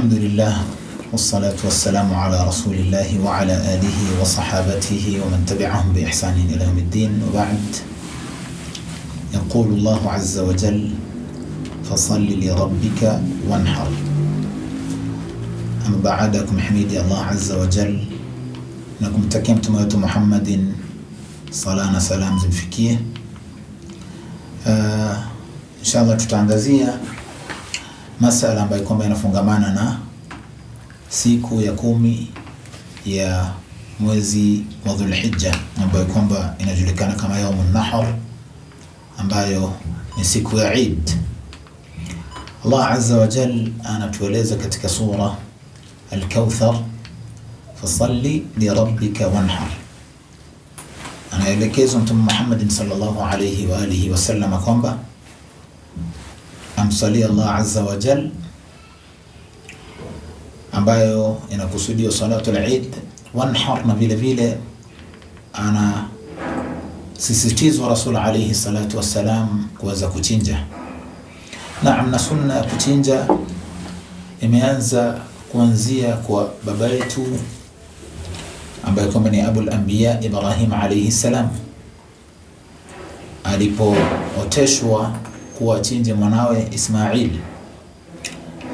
الحمد لله والصلاة والسلام على رسول الله وعلى آله وصحابته ومن تبعهم بإحسان إلى يوم الدين وبعد يقول الله عز وجل فصل لربك وانحر أما بعدكم حميدي الله عز وجل أنكم تكمتم ويت محمد صلاة سلام زمفكيه آه إن شاء الله تتعندزيه masala ambayo kwamba yanafungamana na siku ya kumi ya mwezi wa Dhulhijja ambayo kwamba inajulikana kama yaumun nahar, ambayo ni siku ya Eid. Allah azza wa jal anatueleza katika sura Al-Kauthar, fasalli rabbika wanhar. Anaelekezwa Mtume Muhammad sallallahu alayhi wa alihi wasallam kwamba kumsalia Allah azza wa jal, ambayo inakusudia salatu al-Eid wanhar, na vile vile anasisitizwa Rasul alayhi salatu wassalam kuweza kuchinja. Naam, na sunna ya kuchinja imeanza kuanzia kwa baba yetu ambaye kwamba ni Abul Anbiya Ibrahim alayhi salam alipooteshwa kuwa achinje mwanawe Ismail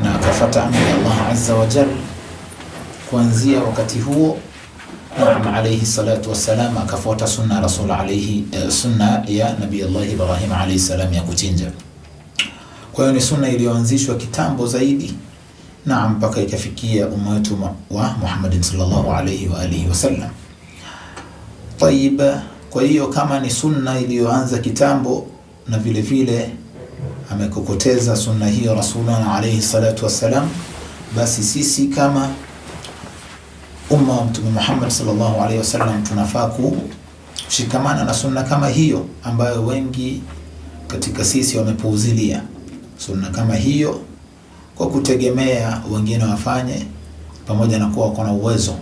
na akafata amri ya Allah azza wa jal. Kuanzia wakati huo Naam alayhi salatu wassalam akafuata sunna rasul alayhi eh, sunna ya Nabii Allah Ibrahim alayhi salam ya kuchinja. Kwa hiyo ni sunna iliyoanzishwa kitambo zaidi na mpaka ikafikia umma wetu wa Muhammad sallallahu alayhi wa alihi wasallam. Tayyiba, kwa hiyo kama ni sunna iliyoanza kitambo na vile vile amekokoteza sunna hiyo Rasulana alaihi salatu wassalam, basi sisi kama umma wa Mtume Muhammad sallallahu alaihi wasallam tunafaa kushikamana na sunna kama hiyo ambayo wengi katika sisi wamepuuzilia sunna kama hiyo kwa kutegemea wengine wafanye, pamoja na kuwa wako na uwezo,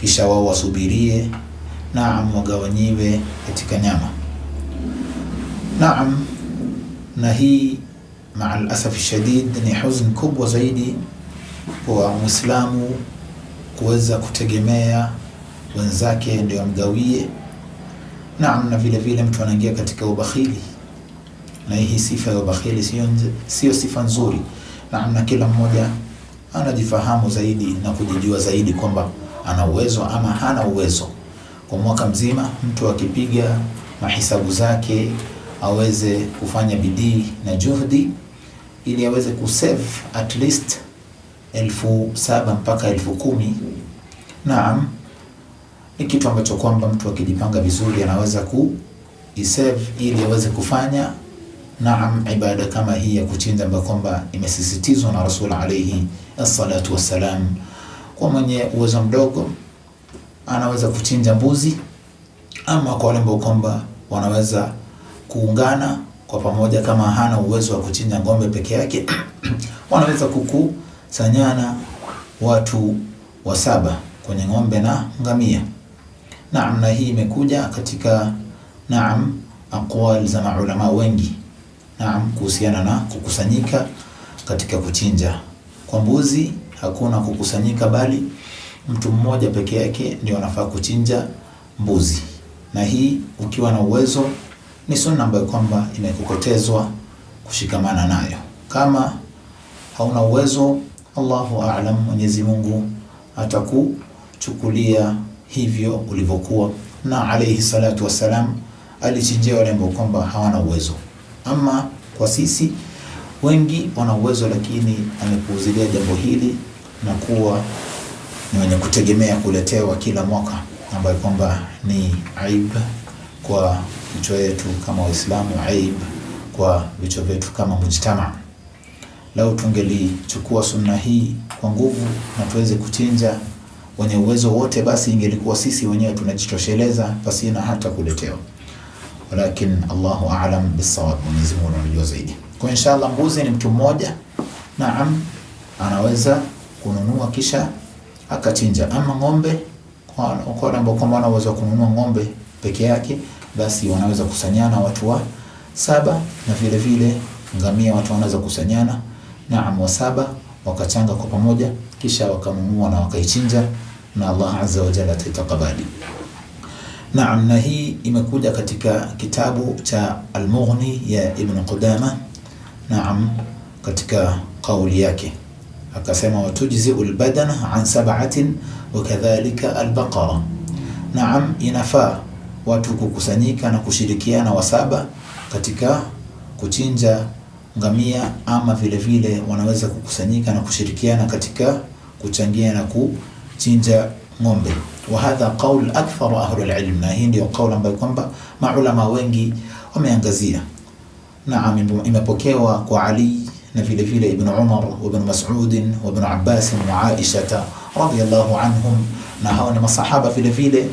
kisha wao wasubirie, naam, wagawanyiwe katika nyama, naam na hii maa alasafi shadid ni huzni kubwa zaidi kwa Muislamu kuweza kutegemea wenzake ndio amgawie. Naam, na vile vile mtu anaingia katika ubakhili, na hii sifa ya ubakhili sio sio sifa nzuri. Naam, na kila mmoja anajifahamu zaidi na kujijua zaidi kwamba ana uwezo ama hana uwezo. Kwa mwaka mzima mtu akipiga mahisabu zake aweze kufanya bidii na juhudi ili aweze kusave at least elfu saba mpaka elfu kumi. Naam, ni kitu ambacho kwamba mtu akijipanga vizuri anaweza kuisave ili aweze kufanya naam ibada kama hii ya kuchinja ambayo kwamba imesisitizwa na Rasul alayhi assalatu wassalam. Kwa mwenye uwezo mdogo anaweza kuchinja mbuzi, ama kwa wale ambao kwamba wanaweza kuungana kwa pamoja. Kama hana uwezo wa kuchinja ng'ombe peke yake, wanaweza kukusanyana watu wa saba kwenye ng'ombe na ngamia. Naam, na hii imekuja katika naam aqwal za maulama wengi naam, kuhusiana na kukusanyika katika kuchinja. Kwa mbuzi hakuna kukusanyika, bali mtu mmoja peke yake ndio anafaa kuchinja mbuzi, na hii ukiwa na uwezo ni sunna ambayo kwamba imekokotezwa kushikamana nayo. Kama hauna uwezo, Allahu alam Mwenyezi Mungu atakuchukulia hivyo ulivyokuwa. Na alayhi salatu wassalam alichinjia wale ambao kwamba hawana uwezo. Ama kwa sisi wengi wana uwezo, lakini amepuuzilia jambo hili na kuwa ni wenye kutegemea kuletewa kila mwaka, ambayo kwamba ni aibu kwa vichwa yetu kama Waislamu, aib kwa vichwa vyetu kama mujtama. Lau tungelichukua sunna hii kwa nguvu na tuweze kuchinja wenye uwezo wote, basi ingelikuwa sisi wenyewe tunajitosheleza pasina hata kuletewa, walakin Allahu a'lam bisawab, Mwenyezi Mungu anajua zaidi. Kwa inshallah, mbuzi ni mtu mmoja, naam, anaweza kununua kisha akachinja, ama ng'ombe kwa, kwa, kwa, kwa, kwa, kwa, kwa, ng'ombe peke yake, basi wanaweza kusanyana watu wa saba, na vile vile ngamia watu wanaweza kusanyana naam, wa saba wakachanga kwa pamoja, kisha wakamumua na wakaichinja, na Allah azza wa jalla ataitakabali. Naam, na hii imekuja katika kitabu cha Al-Mughni ya Ibn Qudama. Naam, katika kauli yake akasema watujziu lbadana an sab'atin wa kadhalika albaqara. Naam, inafaa watu kukusanyika na kushirikiana wasaba katika kuchinja ngamia, ama vile vile wanaweza kukusanyika na kushirikiana katika kuchangia na kuchinja ng'ombe. Wa hadha qaul akthar ahli alilm, na hii ndio kauli ambayo kwamba maulama wengi wameangazia. Naam, imepokewa kwa Ali na vile vile Ibn Umar wa Ibn Mas'ud wa Ibn Abbas wa Aisha radhiyallahu anhum, na hao ni masahaba vile vile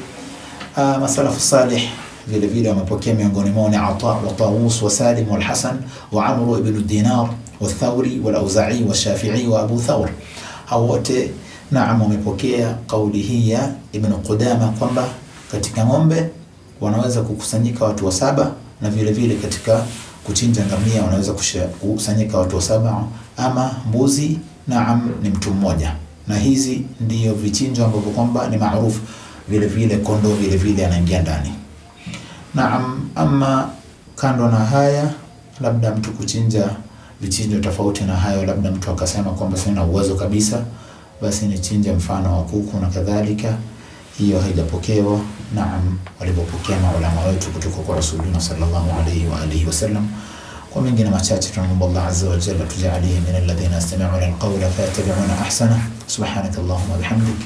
Ah, masalafu salih vile vile wamepokea miongoni mwao ni Ata wa Tawus wa Salim wa Hasan wa Amru ibn Dinar wa Thawri wal Auza'i wa Shafi'i wa Abu Thawr. Hao wote naam, wamepokea kauli hii ya Ibn Qudama kwamba katika ng'ombe wanaweza kukusanyika watu wa saba na vile vile katika kuchinja ngamia wanaweza kukusanyika watu wa saba, ama mbuzi naam, ni mtu mmoja, na hizi ndiyo vichinjo ambavyo kwamba ni maarufu vile vile kondoo vile vile anaingia ndani. Naam, ama kando na haya, labda mtu kuchinja vichinjo tofauti na hayo, labda mtu akasema kwamba sina uwezo kabisa, basi nichinje mfano wa kuku na kadhalika, hiyo haijapokewa. Naam, walipopokea maulama wetu kutoka kwa Rasulullah sallallahu alayhi wa alihi wasallam. Kwa mengine machache tunamwomba Allah azza wa jalla tujalie min alladhina yastami'una alqawla fayattabi'una ahsana subhanakallahumma wa bihamdika